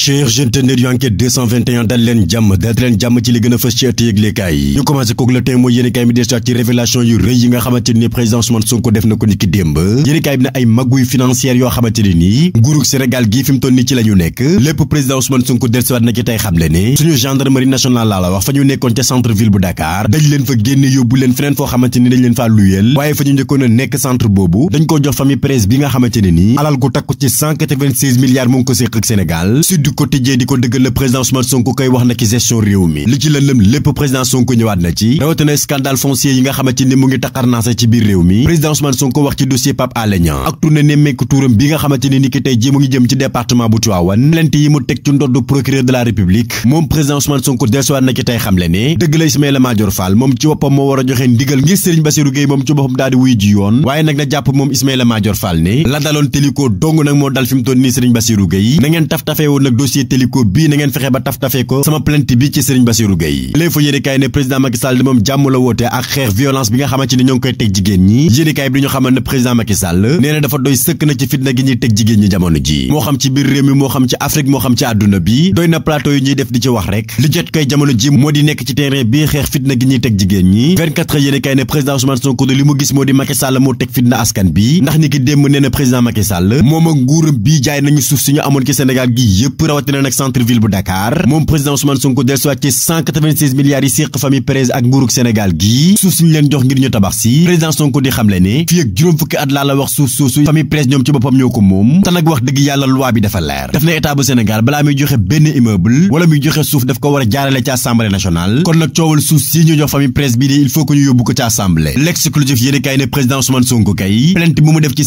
cher gentenaire yu enquête 221 dal leen jàmm dal leen jàmm ci li gën fës ci ëtt yëglekaay yi ñu commencé kook le temps mooy yéenekaay bi desuwaat ci révélation yu rëy yi nga xamante président Ousmane Sonko def na ko ni démb yéenekaay bi ne ay magguy financière yoo xamante ni nii Sénégal gii fi mu nii ci la nekk lépp président Ousmane Sonko dellusiwaat na ci tey xamle ne suñu gendarmerie nationale laa la wax fa ñu nekkoon ca centre ville bu Dakar dañ leen fa du quotidien di ko dëggal la président Ousmane Sonko ak tourné ne mekk tuuram bi nga xamante ni ki tey ji mu ngi jëm ci département bu Tivaouane plainte yi mu teg ci ndodd procureur de la République moom président Ousmane Sonko dellusiwaat na ci tey xamle ne dëgg la Ismaïla Madior Fall moom ci boppam moo war a joxe ndigal ngir Serigne Bassirou Gueye moom ci boppam daal wuy ji yoon waaye nag na jàpp moom Ismaïla Madior Fall ne la daloon Téliko dong nag moo dal fi mu nii Serigne Bassirou Gueye na taf tafee dossier Téliko bii na ngeen fexe ba taf tafee ko sama plainte bi ci Serigne Bassirou Gueye léegi fa yéenekaay ne président Macky Sall moom ak xeex bi jaay nañu suuf si amoon ci Sénégal gi yëpp rawatina nag centre ville bu Dakar moom président Ousmane Sonko dellusiwaat ci 196 milliards yi séq famille Perez ak nguurug Sénégal gii suuf suñu leen jox ngir ñu tabax si président Sonko di xamle ne fii ak juróom fukki at laa la wax suuf suuf su famille Perez ñoom ci boppam ñoo ko moom te nag wax dëgg yàlla loi bi dafa leer daf na état Sénégal balaa muy joxe benn immeuble wala muy joxe suuf daf ko war a jaarale ci assemblée nationale kon nag coowal suuf si ñu ko ci assemblée l'exclusif yéeni kaay ne président Ousmane Sonko kay mu def ci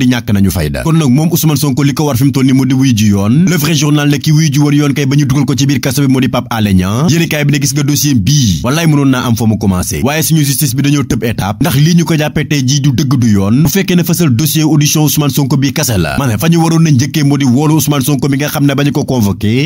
di kon nag moom Ousmane Sonko li ko war fi mu ni mu di wuy ji yoon le journal ne ki wuy ji woon yoon kay ba ñu dugal ko ci biir kaso bi moo di Pape Alé Niang yéeni bi ne gis nga dossier bii wallaay mënoon naa am fa mu commencé waaye suñu justice bi dañoo tëb étape ndax lii ñu ko jàppee tey jii du dëgg du yoon bu fekkee ne fësal dossier audition Ousmane Sonko bi kase la maanaam fa ñu waroon na njëkkee moo di woolu Ousmane Sonko mi nga xam ne ba ñu ko convoqué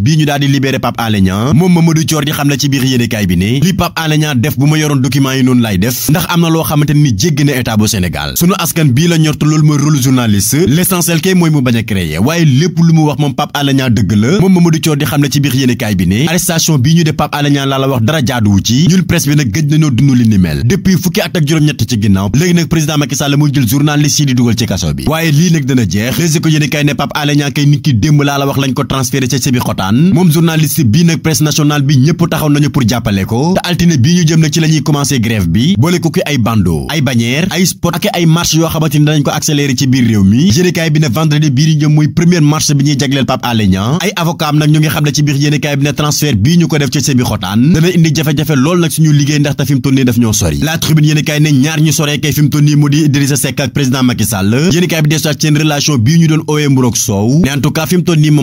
bii ñu daal di libéré Pape Alé Niang moom Mamadou Thior di xam la ci biir yéenekaay bi ne li Pape Alé Niang def bu ma yoroon document yi noonu lay def ndax am na loo xamante ni jéggi na état bu Sénégal sunu askan bii la ñortu loolu mooy rôle journaliste l'essentiel kay mooy mu bañ a créer waaye lépp lu mu wax moom Pape Alé Niang dëgg la moom Mamadou Thior di xam la ci biir yéenekaay bi ne arrestation bii ñu def Pape Alé laa la wax dara ci ñun presse bi nag waxtaan moom journaliste bii nag presse nationale bi ñëpp taxaw nañu pour jàppale ko te altine bii ñu jëm nag ci la ñuy commencé bi boole ko ki ay bandeau ay bannière ay spot ak ay marche yoo xamante ni ko accéléré ci biir réew mi yéenekaay bi ne vendredi bii jëm muy première marche bi ñuy jagleel Pape Alé Niang ay avocat nag ñu ngi xam ci biir yéenekaay bi ne transfert bii ñu ko def ci Sébikotane dana indi jafe-jafe lool nag suñu ñu soree kay fi mu nii mu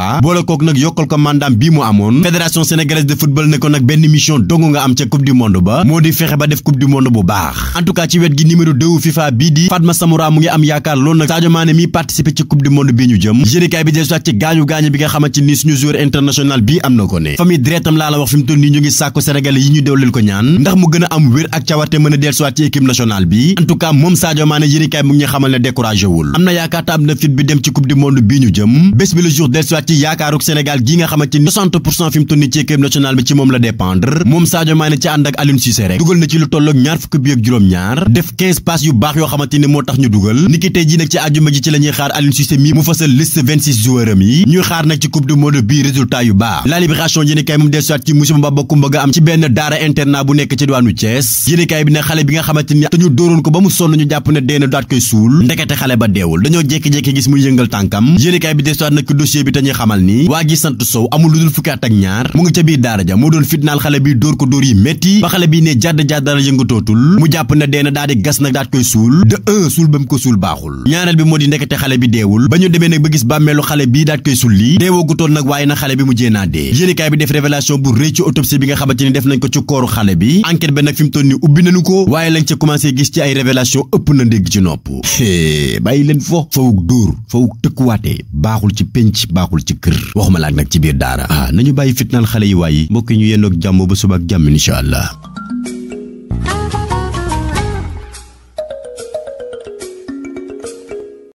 boole kook nag yokkal ko mandaam bii mu amoon fédération sénégalaise de football ne ko nag benn mission dong nga am ca coupe du monde ba moo di fexe ba def coupe du monde bu baax en tout cas ci wet gi numéro 2 FIFA bii di Fatma Samoura mu ngi am yaakaar loolu nag Sadio Mané mi participer ci coupe du monde bi ñu jëm yéenekaay bi dellusiwaat ci gaañu-gaañu bi nga xamante ni suñu joueur international bii am na ko ne famille dreetam laa la wax a ci yaakaaruk Sénégal gi nga xamante ni ci équipe nationale bi ci moom la dépendre moom Sadio ci ànd ak Aliou rek dugal na ci lu tolloog ñaar fukki bi ak juróom-ñaar def 15 yu baax yoo xamante ni moo tax ñu dugal niki ji nag ci àjjuma ji ci la xaar Aliou mi mu fasal liste 26 yi ñuy xaar nag ci coupe du monde bii résultat yu baax la libération yéeni kaay moom desuwaat ci musiba ba bokkumba nga am ci benn daara internat bu nekk ci diwaanu xamal ni waa ji sant Sow amul lu dul fukki at ak ñaar mu ngi ca biir daara moo doon fitnaal xale bi dóor ko dóor yi métti ba xale bi ne jàdd jàdd dara yëngatootul mu jàpp na dee na daal di gas nag daat koy suul de un suul ba mu ko suul baaxul ñaareel bi moo di ndekete xale bi deewul ba ñu demee nag ba gis bàmmeelu xale bii daat koy sulli deewoogutoon nag waaye na xale bi mu jéenaa dee yéenekaay bi def révélation bu rëy ci autopsie bi nga xamante ni ba ci kër waxuma laak nag ci biir daara ah nañu bàyyi fitnaal xale yi waaye mbokk ñu yendoog jàmm ba subaak jàmm incha allah